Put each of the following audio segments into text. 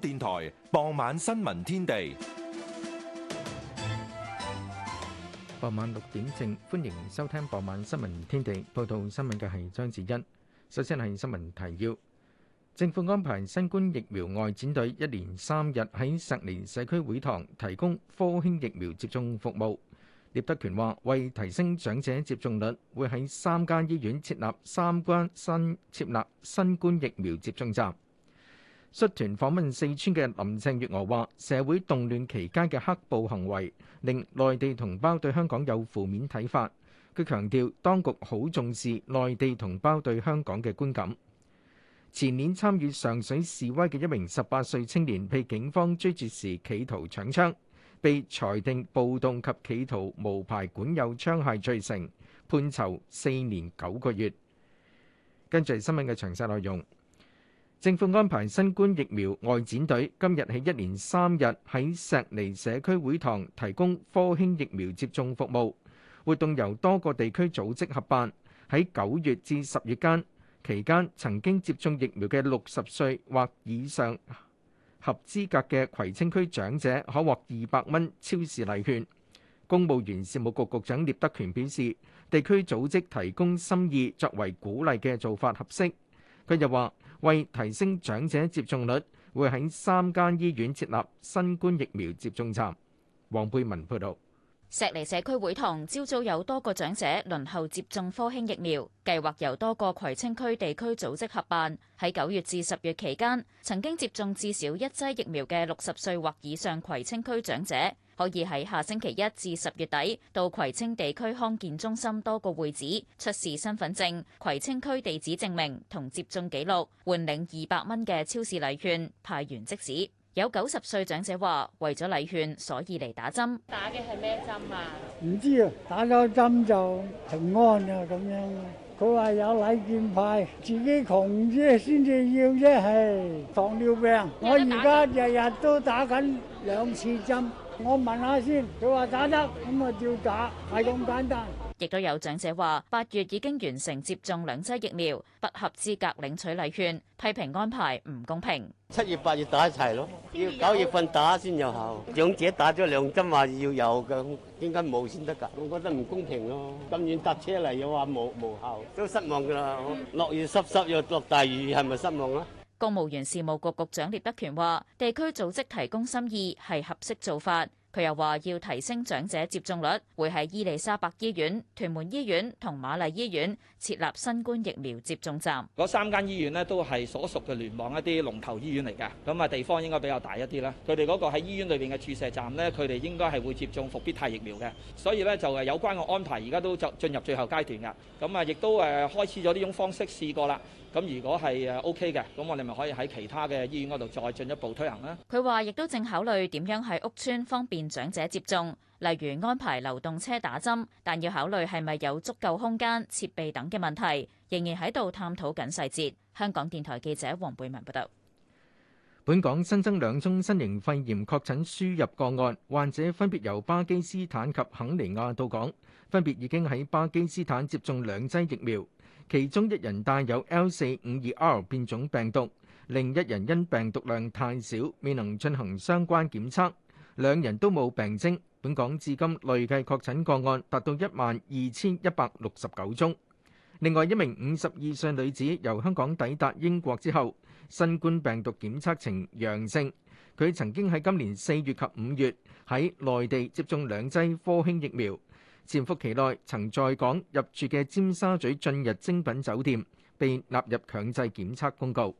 電台傍晚新聞天地，傍晚六點正，歡迎收聽傍晚新聞天地。報道新聞嘅係張子欣。首先係新聞提要：政府安排新冠疫苗外展隊一連三日喺石聯社區會堂提供科興疫苗接種服務。聶德權話，為提升長者接種率，會喺三間醫院設立三間新設立新冠疫苗接種站。率團訪問四川嘅林鄭月娥話：社會動亂期間嘅黑暴行為，令內地同胞對香港有負面睇法。佢強調，當局好重視內地同胞對香港嘅觀感。前年參與上水示威嘅一名十八歲青年，被警方追截時企圖搶槍，被裁定暴動及企圖無牌管有槍械罪成，判囚四年九個月。跟住新聞嘅詳細內容。政府安排新冠疫苗外展隊今日喺一連三日喺石籬社區會堂提供科興疫苗接種服務。活動由多個地區組織合辦。喺九月至十月間期間，曾經接種疫苗嘅六十歲或以上合資格嘅葵青區長者可獲二百蚊超市禮券。公務員事務局局長聶德權表示，地區組織提供心意作為鼓勵嘅做法合適。佢又話：為提升長者接種率，會喺三間醫院設立新冠疫苗接種站。黃佩文報道，石梨社區會堂朝早有多個長者輪候接種科興疫苗，計劃由多個葵青區地區組織合辦。喺九月至十月期間，曾經接種至少一劑疫苗嘅六十歲或以上葵青區長者，可以喺下星期一至十月底到葵青地區康健中心多個會址出示身份證、葵青區地址證明同接種記錄，換領二百蚊嘅超市禮券，派完即止。有九十歲長者話：為咗禮券，所以嚟打針，打嘅係咩針啊？唔知啊，打咗針就平安啊咁樣。佢話有禮券派，自己窮啫先至要啫。係糖尿病，我而家日日都打緊兩次針。我問下先，佢話打得咁啊，照打係咁簡單。亦都有長者話：八月已經完成接種兩劑疫苗，不合資格領取禮券，批評安排唔公平。七月、八月打一齊咯，要九月份打先有效。長者打咗兩針話要有嘅，點解冇先得㗎？我覺得唔公平咯。咁遠搭車嚟又話無無效，都失望㗎啦。落雨濕濕又落大雨，係咪失望啊？公務員事務局局長聶德權話，地區組織提供心意係合適做法。佢又話要提升長者接種率，會喺伊利沙伯醫院、屯門醫院同瑪麗醫院設立新冠疫苗接種站。嗰三間醫院咧都係所屬嘅聯網一啲龍頭醫院嚟嘅，咁啊地方應該比較大一啲啦。佢哋嗰個喺醫院裏邊嘅注射站咧，佢哋應該係會接種復必泰疫苗嘅。所以咧就係有關嘅安排而家都就進入最後階段噶，咁啊亦都誒開始咗呢種方式試過啦。咁如果係誒 OK 嘅，咁我哋咪可以喺其他嘅醫院嗰度再進一步推行啦。佢話亦都正考慮點樣喺屋邨方便長者接種，例如安排流動車打針，但要考慮係咪有足夠空間、設備等嘅問題，仍然喺度探討緊細節。香港電台記者黃貝文報道。本港新增兩宗新型肺炎確診輸入個案，患者分別由巴基斯坦及肯尼亞到港，分別已經喺巴基斯坦接種兩劑疫苗。其中一人帶有 L 四五二 R 變種病毒，另一人因病毒量太少未能進行相關檢測，兩人都冇病徵。本港至今累計確診個案達到一萬二千一百六十九宗。另外一名五十二歲女子由香港抵達英國之後，新冠病毒檢測呈陽性，佢曾經喺今年四月及五月喺內地接種兩劑科興疫苗。潛伏期內曾在港入住嘅尖沙咀晉逸精品酒店，被納入強制檢測公告。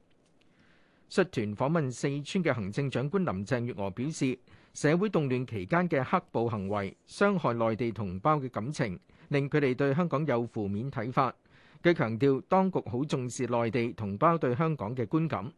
率團訪問四川嘅行政長官林鄭月娥表示，社會動亂期間嘅黑暴行為傷害內地同胞嘅感情，令佢哋對香港有負面睇法。佢強調，當局好重視內地同胞對香港嘅觀感。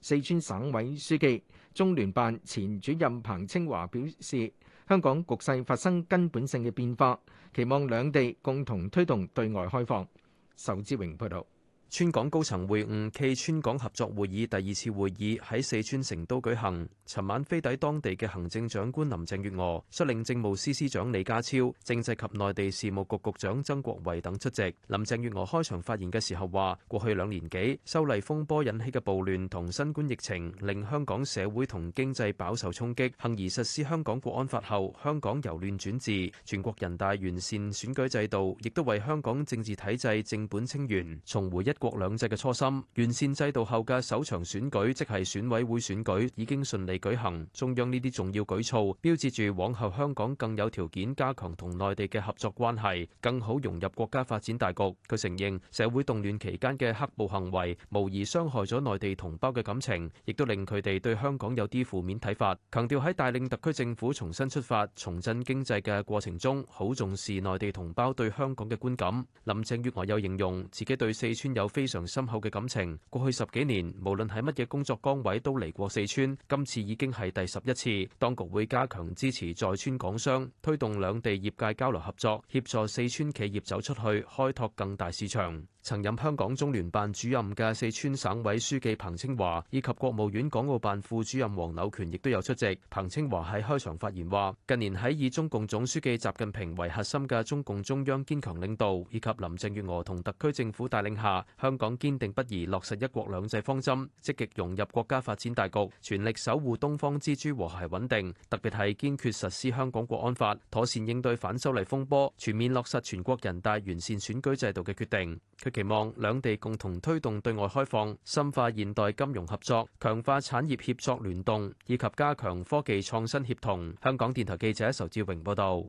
四川省委書記、中聯辦前主任彭清華表示。香港局勢發生根本性嘅變化，期望兩地共同推動對外開放。仇志榮報導。川港高層會晤暨川港合作會議第二次會議喺四川成都舉行。尋晚飛抵當地嘅行政長官林鄭月娥，率領政務司司長李家超、政制及內地事務局局長曾國衛等出席。林鄭月娥開場發言嘅時候話：過去兩年幾修例風波引起嘅暴亂同新冠疫情，令香港社會同經濟飽受衝擊。幸而實施香港國安法後，香港由亂轉治。全國人大完善選舉制度，亦都為香港政治體制正本清源，重回一。一國兩制嘅初心，完善制度後嘅首場選舉，即係選委會選舉，已經順利舉行。中央呢啲重要舉措，標誌住往後香港更有條件加強同內地嘅合作關係，更好融入國家發展大局。佢承認，社會動亂期間嘅黑暴行為，無疑傷害咗內地同胞嘅感情，亦都令佢哋對香港有啲負面睇法。強調喺帶領特區政府重新出發、重振經濟嘅過程中，好重視內地同胞對香港嘅觀感。林鄭月娥又形容自己對四川有非常深厚嘅感情，過去十幾年無論係乜嘢工作崗位都嚟過四川，今次已經係第十一次。當局會加強支持在川港商，推動兩地業界交流合作，協助四川企業走出去，開拓更大市場。曾任香港中聯辦主任嘅四川省委書記彭清華，以及國務院港澳辦副主任黃柳權亦都有出席。彭清華喺開場發言話：近年喺以中共總書記習近平為核心嘅中共中央堅強領導，以及林鄭月娥同特區政府帶領下，香港堅定不移落實一國兩制方針，積極融入國家發展大局，全力守護東方之珠和諧穩定。特別係堅決實施香港國安法，妥善應對反修例風波，全面落實全國人大完善選舉制度嘅決定。佢。期望兩地共同推動對外開放，深化現代金融合作，強化產業協作聯動，以及加強科技創新協同。香港電台記者仇志榮報道。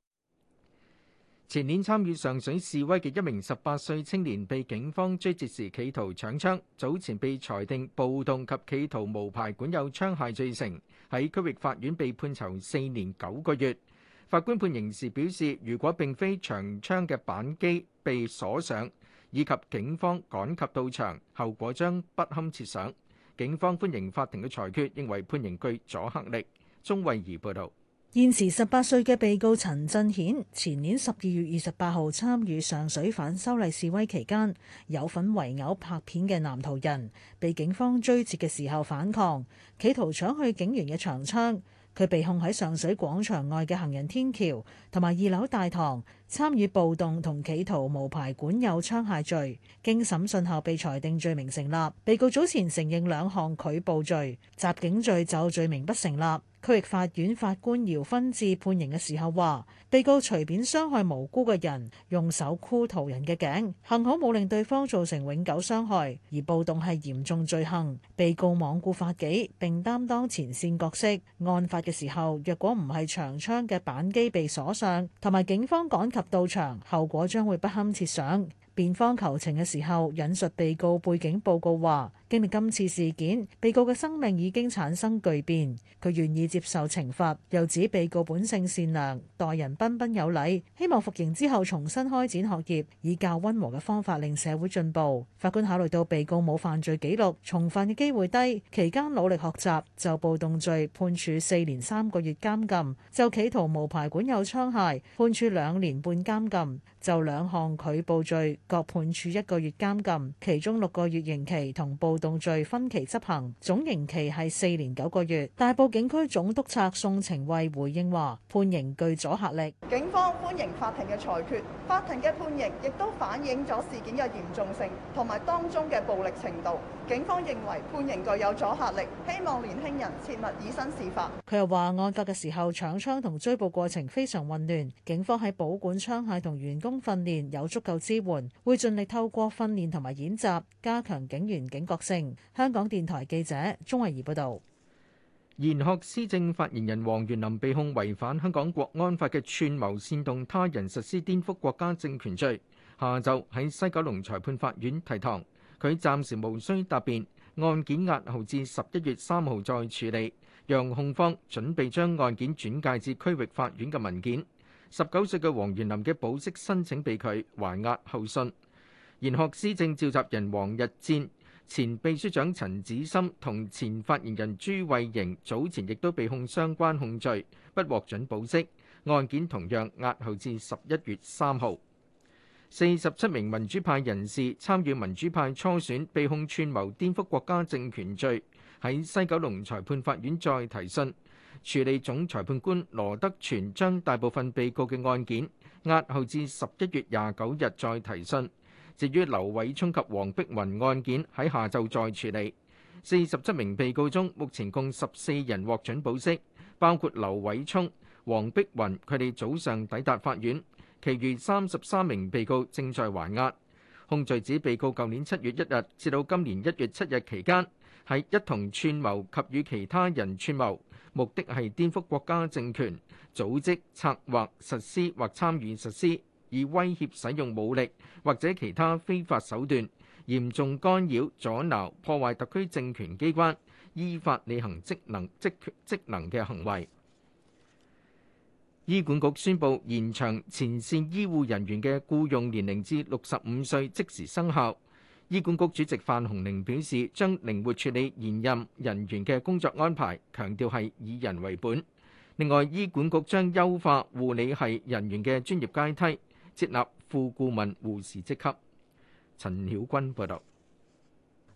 前年參與上水示威嘅一名十八歲青年，被警方追截時企圖搶槍，早前被裁定暴動及企圖無牌管有槍械罪成，喺區域法院被判囚四年九個月。法官判刑時表示，如果並非長槍嘅扳機被鎖上，以及警方趕及到場，後果將不堪設想。警方歡迎法庭嘅裁決，認為判刑具阻嚇力。鍾慧儀報導，現時十八歲嘅被告陳振顯，前年十二月二十八號參與上水反修例示威期間，有份圍毆拍片嘅男途人，被警方追截嘅時候反抗，企圖搶去警員嘅長槍。佢被控喺上水廣場外嘅行人天橋同埋二樓大堂參與暴動同企圖無牌管有槍械罪，經審訊後被裁定罪名成立。被告早前承認兩項拒捕罪、襲警罪，就罪名不成立。區域法院法官姚紛智判刑嘅時候話：被告隨便傷害無辜嘅人，用手箍途人嘅頸，幸好冇令對方造成永久傷害。而暴動係嚴重罪行，被告罔顧法紀，並擔當前線角色。案發嘅時候，若果唔係長槍嘅扳機被鎖上，同埋警方趕及到場，後果將會不堪設想。辯方求情嘅時候，引述被告背景報告話，經歷今次事件，被告嘅生命已經產生巨變，佢願意接受懲罰。又指被告本性善良，待人彬彬有禮，希望服刑之後重新開展學業，以較溫和嘅方法令社會進步。法官考慮到被告冇犯罪記錄，重犯嘅機會低，期間努力學習，就暴動罪判處四年三個月監禁，就企圖無牌管有槍械判處兩年半監禁，就兩項拒捕罪各判處一個月監禁，其中六個月刑期同步。動罪分期執行，總刑期係四年九個月。大埔警區總督察宋晴蔚回應話：判刑具阻嚇力。警方歡迎法庭嘅裁決，法庭嘅判刑亦都反映咗事件嘅嚴重性同埋當中嘅暴力程度。警方認為判刑具有阻嚇力，希望年輕人切勿以身試法。佢又話案發嘅時候搶槍同追捕過程非常混亂，警方喺保管槍械同員工訓練有足夠支援，會盡力透過訓練同埋演習加強警員警覺。香港電台記者鍾慧儀報道，賢學思政發言人黃元林被控違反香港國安法嘅串謀煽動他人實施顛覆國家政權罪，下晝喺西九龍裁判法院提堂。佢暫時無需答辯，案件押後至十一月三號再處理，讓控方準備將案件轉介至區域法院嘅文件。十九歲嘅黃元林嘅保釋申請被拒，還押候訊。賢學思政召集人黃日戰、前秘書長陳子深同前發言人朱慧瑩早前亦都被控相關控罪，不獲准保釋，案件同樣押後至十一月三號。四十七名民主派人士參與民主派初選，被控串謀顛覆國家政權罪，喺西九龍裁判法院再提訊。處理總裁判官羅德全將大部分被告嘅案件押後至十一月廿九日再提訊。至於劉偉聰及黃碧雲案件，喺下晝再處理。四十七名被告中，目前共十四人獲准保釋，包括劉偉聰、黃碧雲。佢哋早上抵達法院，其餘三十三名被告正在還押。控罪指被告舊年七月一日至到今年一月七日期間，喺一同串謀及與其他人串謀，目的係顛覆國家政權，組織、策劃、實施或參與實施。以威脅使用武力或者其他非法手段，嚴重干擾、阻撓、破壞特區政權機關依法履行職能職權職能嘅行為。醫管局宣布延長前線醫護人員嘅僱用年齡至六十五歲，即時生效。醫管局主席范鴻齡表示，將靈活處理現任人員嘅工作安排，強調係以人為本。另外，醫管局將優化護理係人員嘅專業階梯。設立副顧問護士職級。陳曉君報道。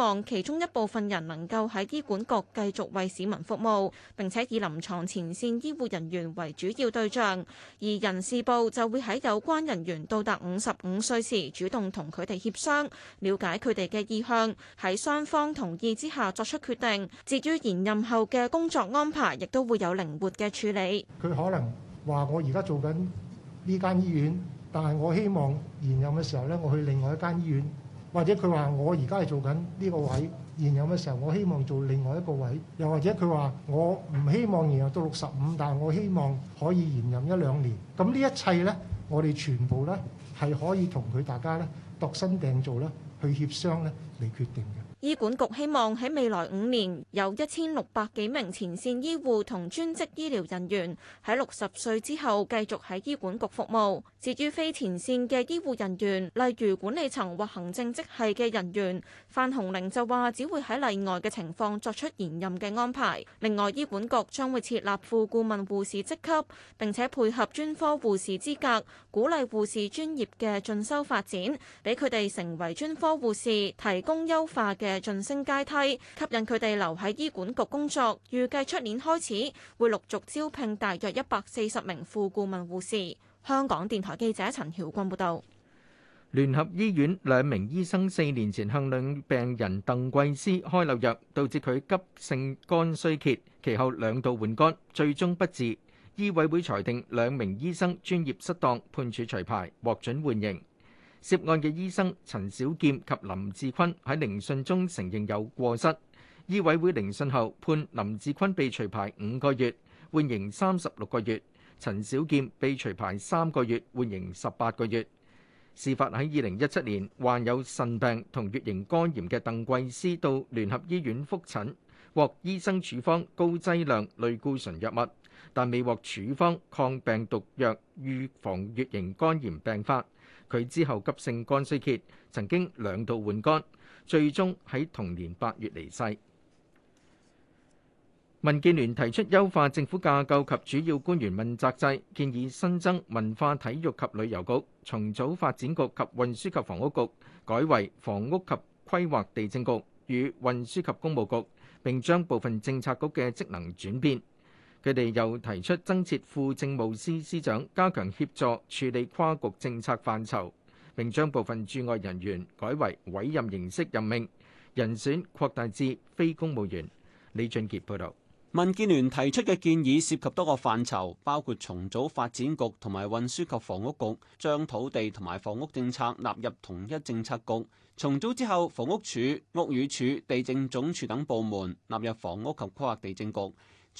希望其中一部分人能夠喺醫管局繼續為市民服務，並且以臨床前線醫護人員為主要對象。而人事部就會喺有關人員到達五十五歲時主動同佢哋協商，了解佢哋嘅意向，喺雙方同意之下作出決定。至於延任後嘅工作安排，亦都會有靈活嘅處理。佢可能話，我而家做緊呢間醫院，但係我希望延任嘅時候咧，我去另外一間醫院。或者佢話我而家係做緊呢個位，現任嘅時候我希望做另外一個位，又或者佢話我唔希望延任到六十五，但係我希望可以延任一兩年。咁呢一切咧，我哋全部咧係可以同佢大家咧度身訂做，咧去協商咧嚟決定嘅。醫管局希望喺未來五年有一千六百幾名前線醫護同專職醫療人員喺六十歲之後繼續喺醫管局服務。至於非前線嘅醫護人員，例如管理層或行政職系嘅人員，范鴻齡就話只會喺例外嘅情況作出延任嘅安排。另外，醫管局將會設立副顧問護士職級，並且配合專科護士資格，鼓勵護士專業嘅進修發展，俾佢哋成為專科護士，提供優化嘅。嘅晉升階梯，吸引佢哋留喺醫管局工作。預計出年開始會陸續招聘大約一百四十名副顧問護士。香港電台記者陳曉君報導。聯合醫院兩名醫生四年前向兩病人鄧桂師開漏藥，導致佢急性肝衰竭，其後兩度換肝，最終不治。醫委會裁定兩名醫生專業失當，判處除牌，獲准緩刑。涉案嘅醫生陳小劍及林志坤喺聆訊中承認有過失。醫委會聆訊後判林志坤被除牌五個月，緩刑三十六個月；陳小劍被除牌三個月，緩刑十八個月。事發喺二零一七年，患有腎病同乙型肝炎嘅鄧桂思到聯合醫院覆診，獲醫生處方高劑量類固醇藥物，但未獲處方抗病毒藥預防乙型肝炎病發。佢之後急性肝衰竭，曾經兩度換肝，最終喺同年八月離世。民建聯提出優化政府架構及主要官員問責制，建議新增文化、體育及旅遊局，重組發展局及運輸及房屋局，改為房屋及規劃地政局與運輸及公務局，並將部分政策局嘅職能轉變。佢哋又提出增設副政務司司長，加強協助處理跨局政策範疇，並將部分駐外人員改為委任形式任命，人選擴大至非公務員。李俊杰報道，民建聯提出嘅建議涉及多個範疇，包括重組發展局同埋運輸及房屋局，將土地同埋房屋政策納入同一政策局。重組之後，房屋署、屋宇署、地政總署等部門納入房屋及規劃地政局。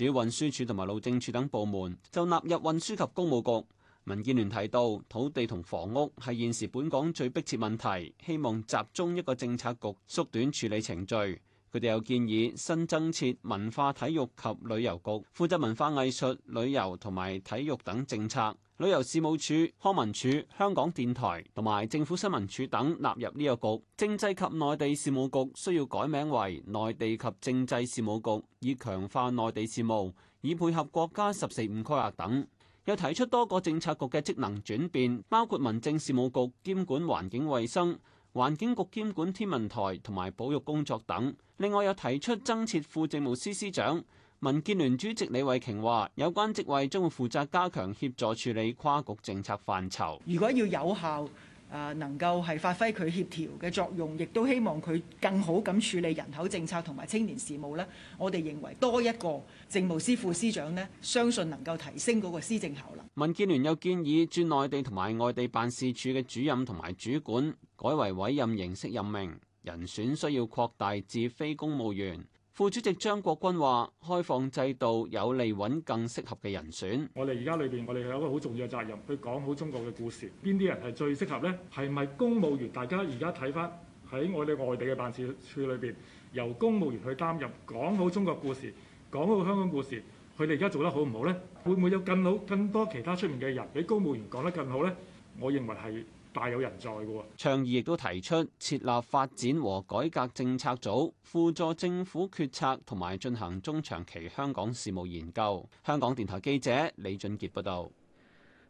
主運輸署同埋路政署等部門就納入運輸及公務局。民建聯提到，土地同房屋係現時本港最迫切問題，希望集中一個政策局，縮短處理程序。佢哋又建議新增設文化體育及旅遊局，負責文化藝術、旅遊同埋體育等政策；旅遊事務處、康文署、香港電台同埋政府新聞處等納入呢個局；政制及內地事務局需要改名為內地及政制事務局，以強化內地事務，以配合國家「十四五」規劃等。又提出多個政策局嘅職能轉變，包括民政事務局兼管環境衞生。環境局兼管天文台同埋保育工作等，另外又提出增設副政務司司長。民建聯主席李慧瓊話：有關職位將會負責加強協助處理跨局政策範疇。如果要有效。誒能夠係發揮佢協調嘅作用，亦都希望佢更好咁處理人口政策同埋青年事務呢，我哋認為多一個政務司副司長呢，相信能夠提升嗰個施政效能。民建聯又建議，駐內地同埋外地辦事處嘅主任同埋主管改為委任形式任命，人選需要擴大至非公務員。副主席張國鈞話，開放制度有利揾更適合嘅人選。我哋而家裏邊，我哋有一個好重要嘅責任去講好中國嘅故事。邊啲人係最適合呢？係咪公務員？大家而家睇返喺我哋外地嘅辦事處裏邊，由公務員去擔任講好中國故事、講好香港故事，佢哋而家做得好唔好呢？會唔會有更好、更多其他出面嘅人比公務員講得更好呢？我認為係。大有人在嘅喎，倡議亦都提出設立發展和改革政策組，輔助政府決策同埋進行中長期香港事務研究。香港電台記者李俊杰報道，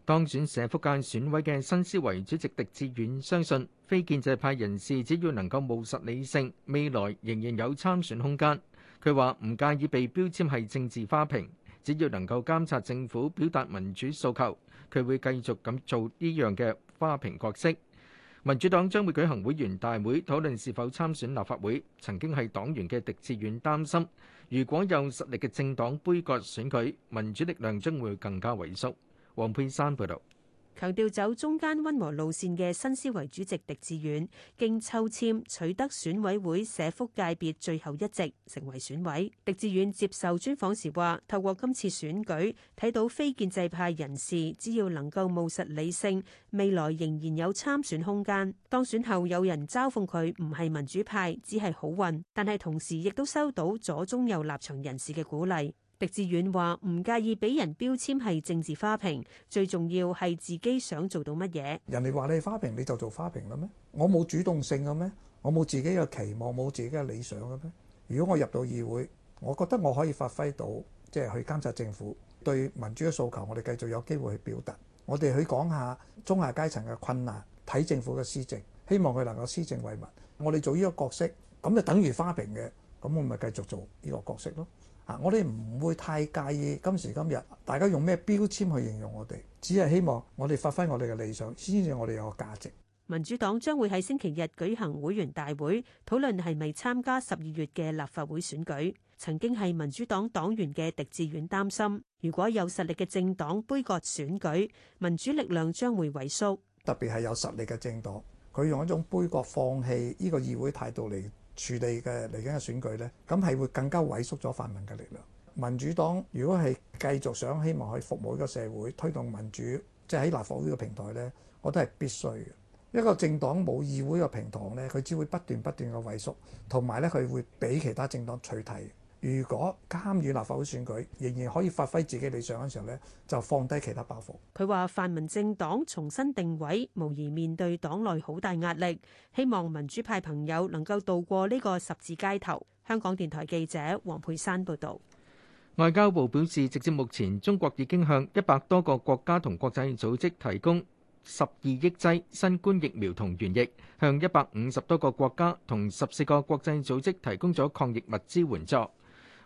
當選社福界選委嘅新思維主席狄志遠相信，非建制派人士只要能夠務實理性，未來仍然有參選空間。佢話唔介意被標籤係政治花瓶，只要能夠監察政府、表達民主訴求，佢會繼續咁做呢樣嘅。花瓶角色，民主黨將會舉行會員大會討論是否參選立法會，曾經係黨員嘅狄志遠擔心，如果有實力嘅政黨杯葛選舉，民主力量將會更加萎縮。黃佩珊報道。強調走中間溫和路線嘅新思維主席狄志遠，經抽籤取得選委會社福界別最後一席，成為選委。狄志遠接受專訪時話：透過今次選舉，睇到非建制派人士只要能夠務實理性，未來仍然有參選空間。當選後有人嘲諷佢唔係民主派，只係好運，但係同時亦都收到左中右立場人士嘅鼓勵。狄志遠話唔介意俾人標籤係政治花瓶，最重要係自己想做到乜嘢。人哋話你花瓶，你就做花瓶啦咩？我冇主動性嘅咩？我冇自己嘅期望，冇自己嘅理想嘅咩？如果我入到議會，我覺得我可以發揮到，即係去監察政府，對民主嘅訴求，我哋繼續有機會去表達。我哋去講下中下階層嘅困難，睇政府嘅施政，希望佢能夠施政為民。我哋做呢個角色，咁就等於花瓶嘅，咁我咪繼續做呢個角色咯。啊！我哋唔會太介意今時今日大家用咩標籤去形容我哋，只係希望我哋發揮我哋嘅理想，先至我哋有個價值。民主黨將會喺星期日舉行會員大會，討論係咪參加十二月嘅立法會選舉。曾經係民主黨黨員嘅狄志遠擔心，如果有實力嘅政黨杯葛選舉，民主力量將會萎縮。特別係有實力嘅政黨，佢用一種杯葛放棄呢個議會態度嚟處理嘅嚟緊嘅選舉呢，咁係會更加萎縮咗泛民嘅力量。民主黨如果係繼續想希望去服務呢個社會，推動民主，即係喺立法會嘅平台呢，我都係必須嘅。一個政黨冇議會個平台呢，佢只會不斷不斷嘅萎縮，同埋呢，佢會俾其他政黨取締。如果參與立法會選舉仍然可以發揮自己理想嘅時候咧，就放低其他包袱。佢話：泛民政黨重新定位，無疑面對黨內好大壓力。希望民主派朋友能夠渡過呢個十字街頭。香港電台記者黃佩珊報導。外交部表示，直至目前，中國已經向一百多個國家同國際組織提供十二億劑新冠疫苗同原液，向一百五十多個國家同十四個國際組織提供咗抗疫物資援助。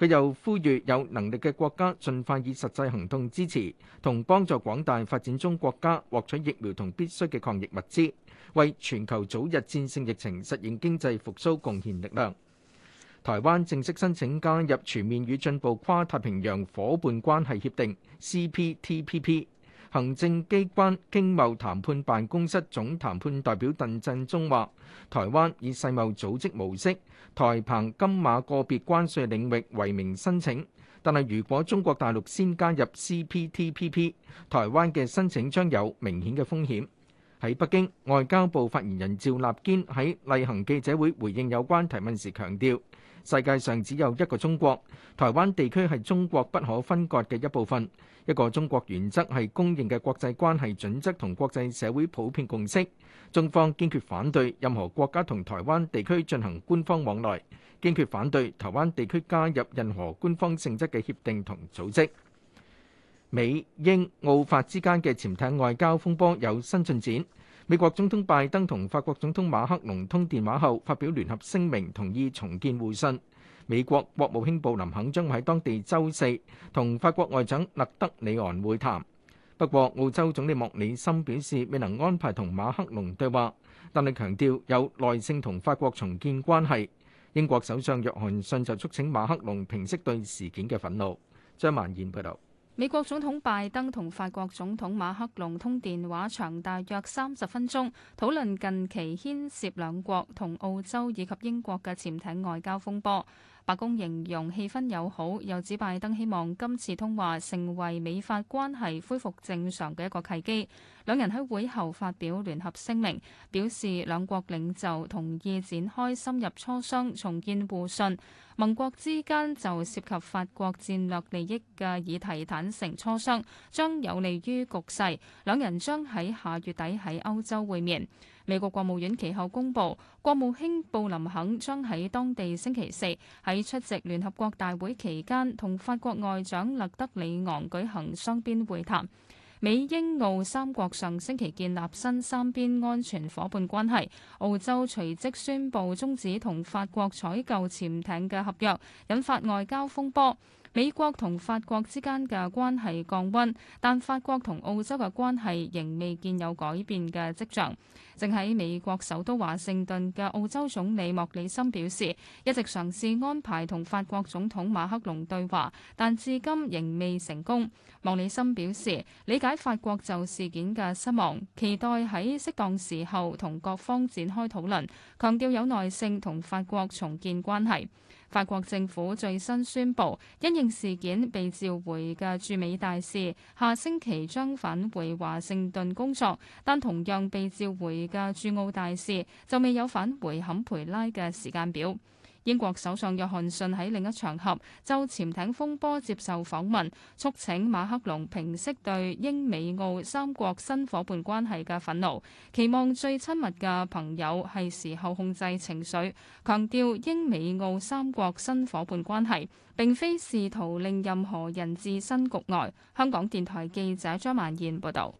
佢又呼籲有能力嘅國家盡快以實際行動支持同幫助廣大發展中國家獲取疫苗同必須嘅抗疫物資，為全球早日戰勝疫情、實現經濟復甦貢獻力量。台灣正式申請加入全面與進步跨太平洋伙伴關係協定 （CPTPP）。CP 行政機關經貿談判辦公室總談判代表鄧振中話，台灣以世貿組織模式，台澎金馬個別關稅領域為名申請，但係如果中國大陸先加入 CPTPP，台灣嘅申請將有明顯嘅風險。喺北京，外交部發言人趙立堅喺例行記者會回應有關提問時強調：「世界上只有一個中國，台灣地區係中國不可分割嘅一部分。」一個中國原則係公認嘅國際關係準則同國際社會普遍共識。中方堅決反對任何國家同台灣地區進行官方往來，堅決反對台灣地區加入任何官方性質嘅協定同組織。美英澳法之間嘅潛艇外交風波有新進展。美國總統拜登同法國總統馬克龍通電話後，發表聯合聲明，同意重建互信。美國國務卿布林肯將會喺當地週四同法國外長勒德里昂會談。不過，澳洲總理莫里森表示未能安排同馬克龍對話，但係強調有耐性同法國重建關係。英國首相約翰遜就促請馬克龍平息對事件嘅憤怒。張曼燕報導。美國總統拜登同法國總統馬克龍通電話，長大約三十分鐘，討論近期牽涉兩國、同澳洲以及英國嘅潛艇外交風波。白宮形容氣氛友好，又指拜登希望今次通話成為美法關係恢復正常嘅一個契機。兩人喺會後發表聯合聲明，表示兩國領袖同意展開深入磋商，重建互信。盟國之間就涉及法國戰略利益嘅議題坦誠磋商，將有利於局勢。兩人將喺下月底喺歐洲會面。美國國務院其後公布，國務卿布林肯將喺當地星期四喺出席聯合國大會期間，同法國外長勒德里昂舉行雙邊會談。美英澳三國上星期建立新三邊安全夥伴關係，澳洲隨即宣布終止同法國採購潛艇嘅合約，引發外交風波。美國同法國之間嘅關係降溫，但法國同澳洲嘅關係仍未見有改變嘅跡象。正喺美國首都華盛頓嘅澳洲總理莫里森表示，一直嘗試安排同法國總統馬克龍對話，但至今仍未成功。莫里森表示，理解法國就事件嘅失望，期待喺適當時候同各方展開討論，強調有耐性同法國重建關係。法國政府最新宣布，因應事件被召回嘅駐美大使下星期將返回華盛頓工作，但同樣被召回嘅駐澳大使就未有返回堪培拉嘅時間表。英國首相約翰遜喺另一場合就潛艇風波接受訪問，促請馬克龍平息對英美澳三國新伙伴關係嘅憤怒，期望最親密嘅朋友係時候控制情緒，強調英美澳三國新伙伴關係並非試圖令任何人置身局外。香港電台記者張萬燕報道。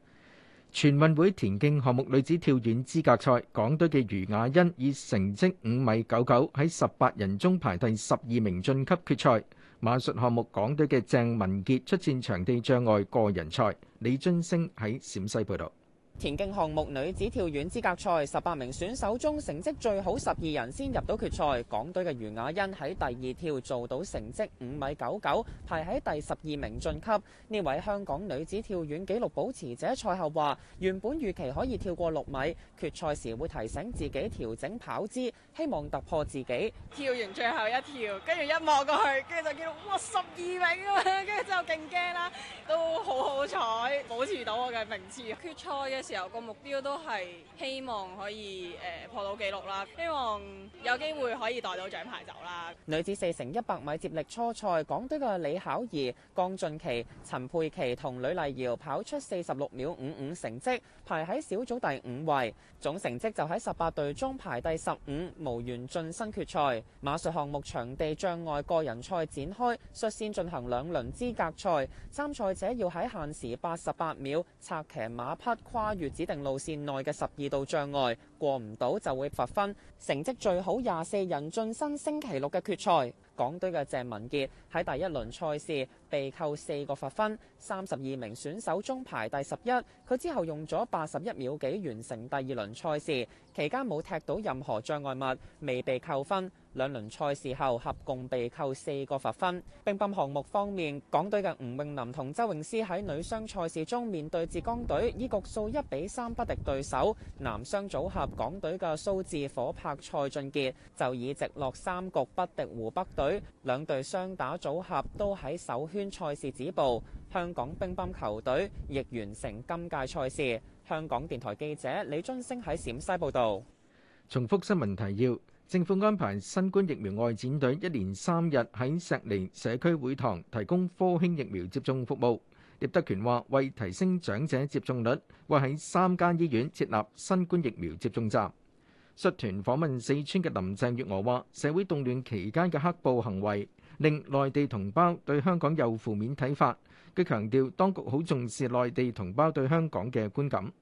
全運會田徑項目女子跳遠資格賽，港隊嘅余雅欣以成績五米九九喺十八人中排第十二名晉級決賽。馬術項目港隊嘅鄭文傑出戰場地障礙個人賽。李津星喺陝西報道。田徑項目女子跳遠資格賽，十八名選手中成績最好十二人先入到決賽。港隊嘅余雅欣喺第二跳做到成績五米九九，排喺第十二名晉級。呢位香港女子跳遠紀錄保持者賽後話：原本預期可以跳過六米，決賽時會提醒自己調整跑姿，希望突破自己。跳完最後一跳，跟住一望過去，跟住就見到哇十二名啊，跟住就勁驚啦，都好好彩，保持到我嘅名次。決賽嘅時候個目標都係希望可以誒、呃、破到記錄啦，希望有機會可以帶到獎牌走啦。女子四乘一百米接力初賽，港隊嘅李巧兒、江俊琪、陳佩琪同呂麗瑤跑出四十六秒五五成績，排喺小組第五位，總成績就喺十八隊中排第十五，無緣晉身決賽。馬術項目場地障礙個人賽展開，率先進行兩輪資格賽，參賽者要喺限時八十八秒策騎馬匹跨，跨越指定路線內嘅十二道障礙，過唔到就會罰分。成績最好廿四人晉身星期六嘅決賽。港隊嘅鄭文傑喺第一輪賽事被扣四個罰分，三十二名選手中排第十一。佢之後用咗八十一秒幾完成第二輪賽事，期間冇踢到任何障礙物，未被扣分。兩輪賽事後合共被扣四個罰分。乒乓球項目方面，港隊嘅吳詠琳同周詠詩喺女雙賽事中面對浙江隊，以局數一比三不敵對手。男雙組合港隊嘅蘇志火拍蔡俊杰就以直落三局不敵湖北隊。兩隊雙打組合都喺首圈賽事止步。香港乒乓球隊亦完成今屆賽事。香港電台記者李津星喺陝西報道。重複新聞提要。政府安排新冠疫苗外展隊一連三日喺石籬社區會堂提供科興疫苗接種服務。聶德權話：為提升長者接種率，會喺三間醫院設立新冠疫苗接種站。率團訪問四川嘅林鄭月娥話：社會動亂期間嘅黑暴行為，令內地同胞對香港有負面睇法。佢強調，當局好重視內地同胞對香港嘅觀感。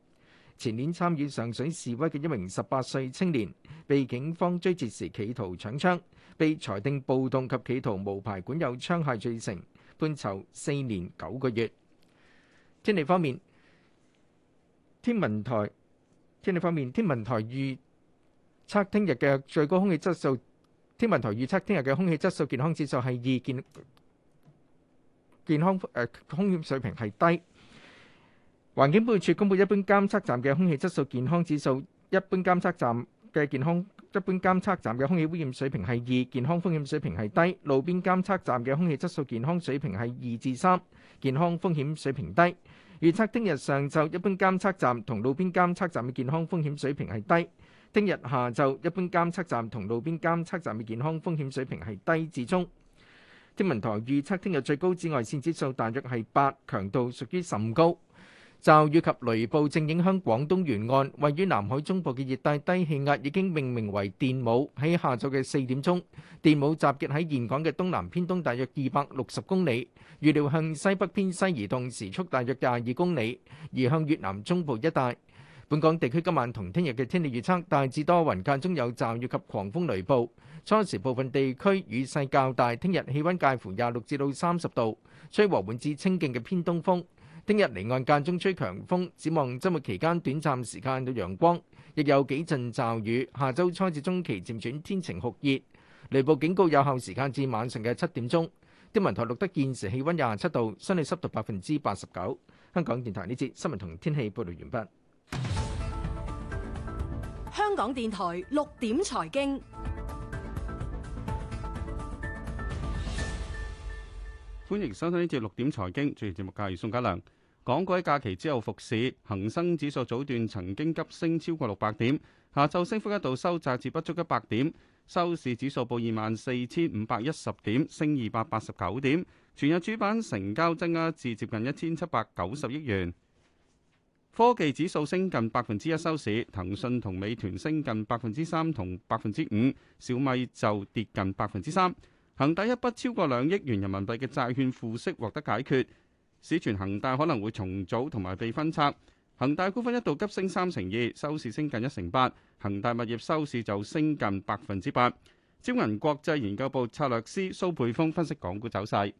前年參與上水示威嘅一名十八歲青年，被警方追截時企圖搶槍，被裁定暴動及企圖無牌管有槍械罪成，判囚四年九個月。天氣方面，天文台天氣方面，天文台預測聽日嘅最高空氣質素，天文台預測聽日嘅空氣質素健康指數係二健健康，誒風險水平係低。環境保署公布一般監測站嘅空氣質素健康指數，一般監測站嘅健康一般監測站嘅空氣污染水平係二，健康風險水平係低。路邊監測站嘅空氣質素健康水平係二至三，健康風險水平低。預測聽日上晝一般監測站同路邊監測站嘅健康風險水平係低。聽日下晝一般監測站同路邊監測站嘅健康風險水平係低至中。天文台預測聽日最高紫外綫指數大約係八，強度屬於甚高。驟雨及雷暴正影響廣東沿岸，位於南海中部嘅熱帶低氣壓已經命名為電母。喺下晝嘅四點鐘，電母集結喺現港嘅東南偏東大約二百六十公里，預料向西北偏西移動，時速大約廿二公里，移向越南中部一帶。本港地區今晚同聽日嘅天氣預測，大致多雲，間中有驟雨及狂風雷暴，初時部分地區雨勢較大。聽日氣温介乎廿六至到三十度，吹和緩至清勁嘅偏東風。聽日離岸間中吹強風，展望周末期間短暫時間有陽光，亦有幾陣驟雨。下周初至中期漸轉天晴酷熱，雷暴警告有效時間至晚上嘅七點鐘。天文台錄得現時氣溫廿七度，相對濕度百分之八十九。香港電台呢節新聞同天氣報道完畢。香港電台六點財經，歡迎收聽呢節六點財經，主持節目嘅係宋家良。港股喺假期之後復市，恒生指數早段曾經急升超過六百點，下晝升幅一度收窄至不足一百點，收市指數報二萬四千五百一十點，升二百八十九點，全日主板成交增加至接近一千七百九十億元。科技指數升近百分之一收市，騰訊同美團升近百分之三同百分之五，小米就跌近百分之三。恒大一筆超過兩億元人民幣嘅債券付息獲得解決。市傳恒大可能會重組同埋被分拆，恒大股份一度急升三成二，收市升近一成八，恒大物業收市就升近百分之八。招銀國際研究部策略師蘇佩峰分析港股走勢。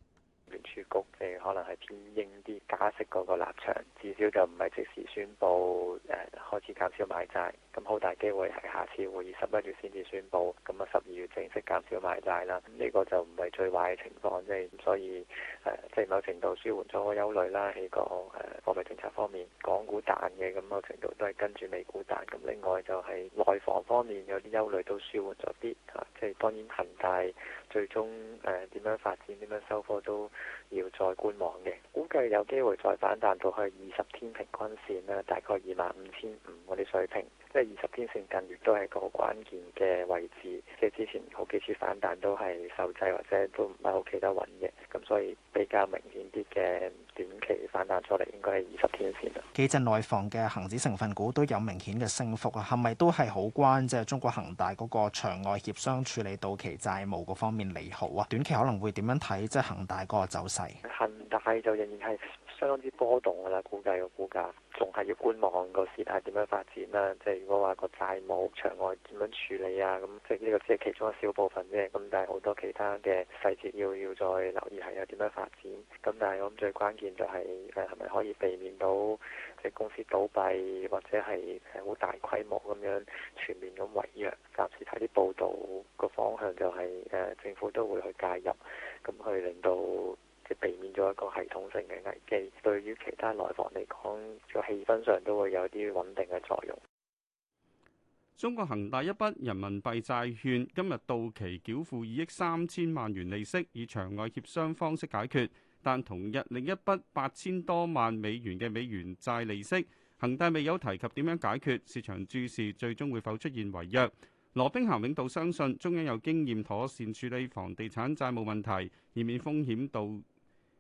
聯儲局誒、就是、可能係偏硬啲加息嗰個立場，至少就唔係即時宣布誒、呃、開始減少買債，咁好大機會係下次會議十一月先至宣布，咁啊十二月正式減少買債啦。呢個就唔係最壞嘅情況，即係所以誒即係某程度舒緩咗個憂慮啦。喺、那個誒貨幣政策方面，港股彈嘅某程度都係跟住美股彈。咁另外就係內房方面有啲憂慮都舒緩咗啲吓，即、啊、係、就是、當然恒大。最終誒點樣發展點樣收貨都要再觀望嘅，估計有機會再反彈到去二十天平均線啦，大概二萬五千五嗰啲水平，即係二十天線近月都係個關鍵嘅位置，即係之前好幾次反彈都係受制或者都唔係好企得穩嘅，咁所以比較明顯啲嘅。短期反彈出嚟應該係二十天線啦。幾隻內房嘅恒指成分股都有明顯嘅升幅啊，係咪都係好關即係中國恒大嗰個場外協商處理到期債務嗰方面利好啊？短期可能會點樣睇即係恒大嗰個走勢？恒大就仍然係。相當之波動㗎啦，估計個股價仲係要觀望個事態點樣發展啦。即係如果話個債務場外點樣處理啊，咁即係呢個只係其中一小部分啫。咁但係好多其他嘅細節要要再留意係又點樣發展。咁但係我諗最關鍵就係誒係咪可以避免到即係公司倒閉或者係誒好大規模咁樣全面咁違約。暫時睇啲報道個方向就係誒政府都會去介入，咁去令到。避免咗一個系統性嘅危機，對於其他內房嚟講，這個氣氛上都會有啲穩定嘅作用。中國恒大一筆人民幣債券今日到期繳付二億三千萬元利息，以場外協商方式解決。但同日另一筆八千多萬美元嘅美元債利息，恒大未有提及點樣解決，市場注視最終會否出現違約。羅兵咸永道相信，中央有經驗妥善處理房地產債務問題，以免風險度。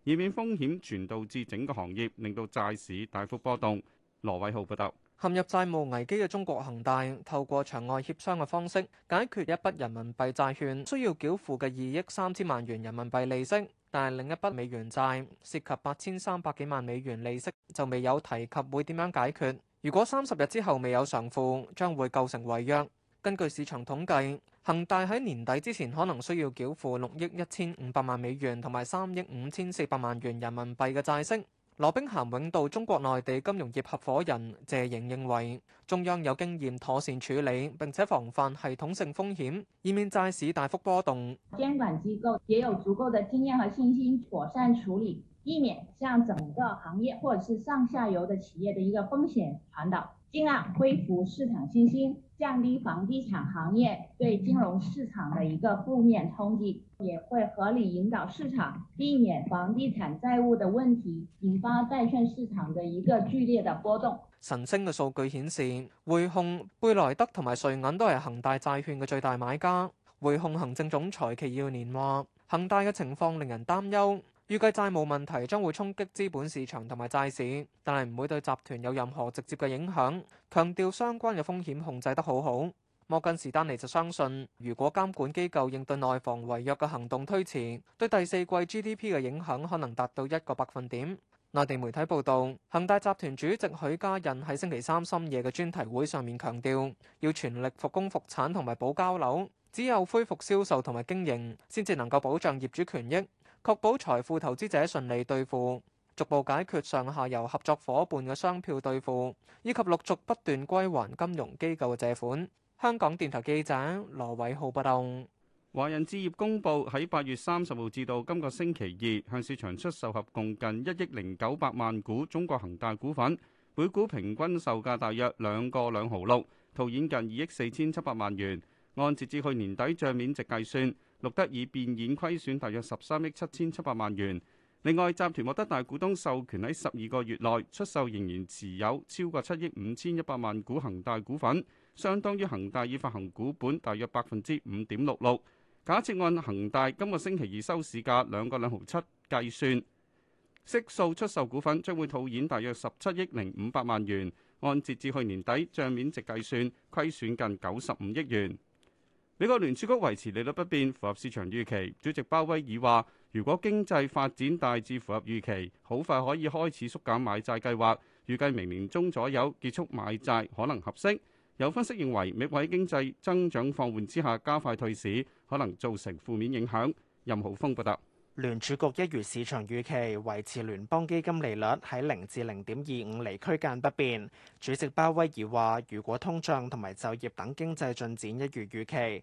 以免風險傳導至整個行業，令到債市大幅波動。羅偉浩報道：陷入債務危機嘅中國恒大，透過場外協商嘅方式解決一筆人民幣債券需要繳付嘅二億三千萬元人民幣利息，但係另一筆美元債涉及八千三百幾萬美元利息就未有提及會點樣解決。如果三十日之後未有償付，將會構成違約。根據市場統計，恒大喺年底之前可能需要繳付六億一千五百萬美元同埋三億五千四百萬元人民幣嘅債息。羅兵咸永道中國內地金融業合伙人謝瑩認為，中央有經驗妥善處理並且防範系統性風險，以免債市大幅波動。監管機構也有足夠的經驗和信心妥善處理，避免向整個行業或者是上下游嘅企業嘅一個風險傳導。盡量恢復市場信心，降低房地產行業對金融市場的一個負面衝擊，也會合理引導市場，避免房地產債務的問題引發債券市場的一個劇烈的波動。晨星嘅數據顯示，匯控、貝萊德同埋瑞銀都係恒大債券嘅最大買家。匯控行政總裁祁耀年話：恒大嘅情況令人擔憂。預計債務問題將會衝擊資本市場同埋債市，但係唔會對集團有任何直接嘅影響。強調相關嘅風險控制得好好。摩根士丹利就相信，如果監管機構應對內房違約嘅行動推遲，對第四季 GDP 嘅影響可能達到一個百分點。內地媒體報導，恒大集團主席許家印喺星期三深夜嘅專題會上面強調，要全力復工復產同埋保交樓，只有恢復銷售同埋經營，先至能夠保障業主權益。確保財富投資者順利兌付，逐步解決上下游合作伙伴嘅商票兌付，以及陸續不斷歸還金融機構嘅借款。香港電台記者羅偉浩報道。華人置業公布喺八月三十號至到今個星期二向市場出售合共近一億零九百萬股中國恒大股份，每股平均售價大約兩個兩毫六，套現近二億四千七百萬元，按截至去年底帳面值計算。錄得已變現虧損大約十三億七千七百萬元。另外，集團獲得大股東授權喺十二個月內出售仍然持有超過七億五千一百萬股恒大股份，相當於恒大已發行股本大約百分之五點六六。假設按恒大今個星期二收市價兩個兩毫七計算，悉數出售股份將會套現大約十七億零五百萬元。按截至去年底帳面值計算，虧損近九十五億元。美國聯儲局維持利率不變，符合市場預期。主席鮑威爾話：如果經濟發展大致符合預期，好快可以開始縮減買債計劃。預計明年中左右結束買債可能合適。有分析認為，美國經濟增長放緩之下加快退市，可能造成負面影響。任浩峰報道。聯儲局一如市場預期，維持聯邦基金利率喺零至零點二五厘區間不變。主席鮑威爾話，如果通脹同埋就業等經濟進展一如預期，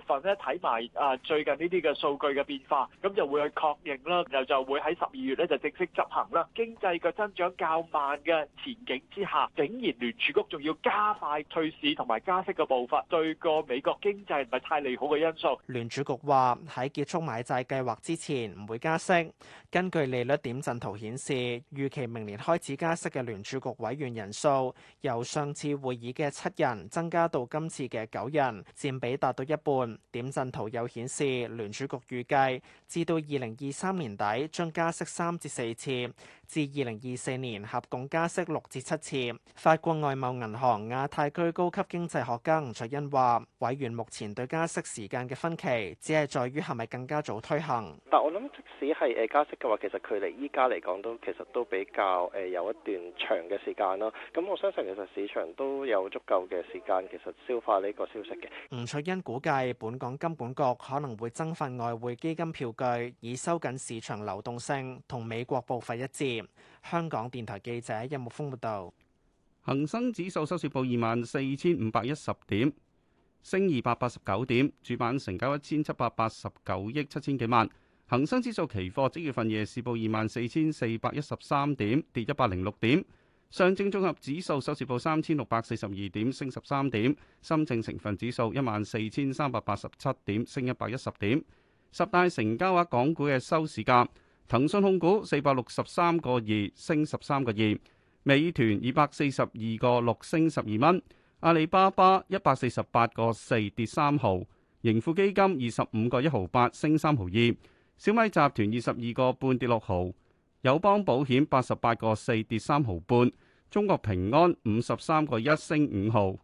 份咧，睇埋啊，最近呢啲嘅數據嘅變化，咁就會去確認啦，然後就會喺十二月咧，就正式執行啦。經濟嘅增長較慢嘅前景之下，竟然聯儲局仲要加快退市同埋加息嘅步伐，對個美國經濟唔係太利好嘅因素。聯儲局話，喺結束買債計劃之前唔會加息。根據利率點陣圖顯示，預期明年開始加息嘅聯儲局委員人數由上次會議嘅七人增加到今次嘅九人，占比達到一半。點陣圖又顯示，聯儲局預計至到二零二三年底將加息三至四次，至二零二四年合共加息六至七次。法國外貿銀行亞太區高級經濟學家吳卓恩話：委員目前對加息時間嘅分歧，只係在於係咪更加早推行。但我諗即使係誒加息嘅話，其實佢離依家嚟講都其實都比較誒有一段長嘅時間啦。咁我相信其實市場都有足夠嘅時間，其實消化呢個消息嘅。吳卓恩估計。本港金管局可能會增發外匯基金票據，以收緊市場流動性，同美國步伐一致。香港電台記者任木峰報道。恒生指數收市報二萬四千五百一十點，升二百八十九點，主板成交一千七百八十九億七千幾萬。恒生指數期貨即月份夜市報二萬四千四百一十三點，跌一百零六點。上證綜合指數收市報三千六百四十二點，升十三點；深證成分指數一萬四千三百八十七點，升一百一十點。十大成交額、啊、港股嘅收市價：騰訊控股四百六十三個二，升十三個二；美團二百四十二個六，升十二蚊；阿里巴巴一百四十八個四，跌三毫；盈富基金二十五個一毫八，升三毫二；小米集團二十二個半，跌六毫。友邦保險八十八個四，跌三毫半，中國平安五十三個一，升五毫，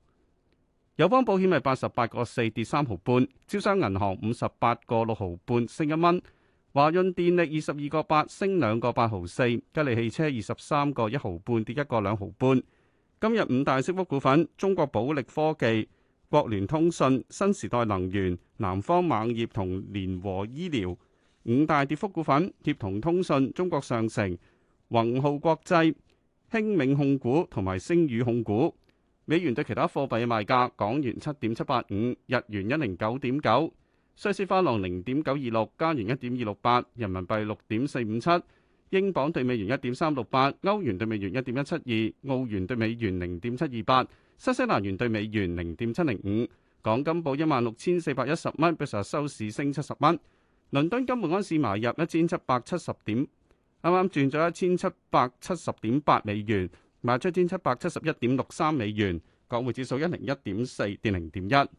友邦保險係八十八個四，跌三毫半，招商銀行五十八個六毫半，升一蚊，華潤電力二十二個八，升兩個八毫四，吉利汽車二十三個一毫半，跌一個兩毫半。今日五大升幅股份：中國寶力科技、國聯通訊、新時代能源、南方錳業同聯和醫療。五大跌幅股份：協同通信、中國上城、宏浩國際、興明控股同埋星宇控股。美元對其他貨幣嘅賣價：港元七點七八五，日元一零九點九，瑞士法郎零點九二六，加元一點二六八，人民幣六點四五七，英鎊對美元一點三六八，歐元對美元一點一七二，澳元對美元零點七二八，新西蘭元對美元零點七零五。港金報一萬六千四百一十蚊，比上收市升七十蚊。倫敦金每盎司買入一千七百七十點，啱啱轉咗一千七百七十點八美元，賣出一千七百七十一點六三美元，港匯指數一零一點四，跌零點一。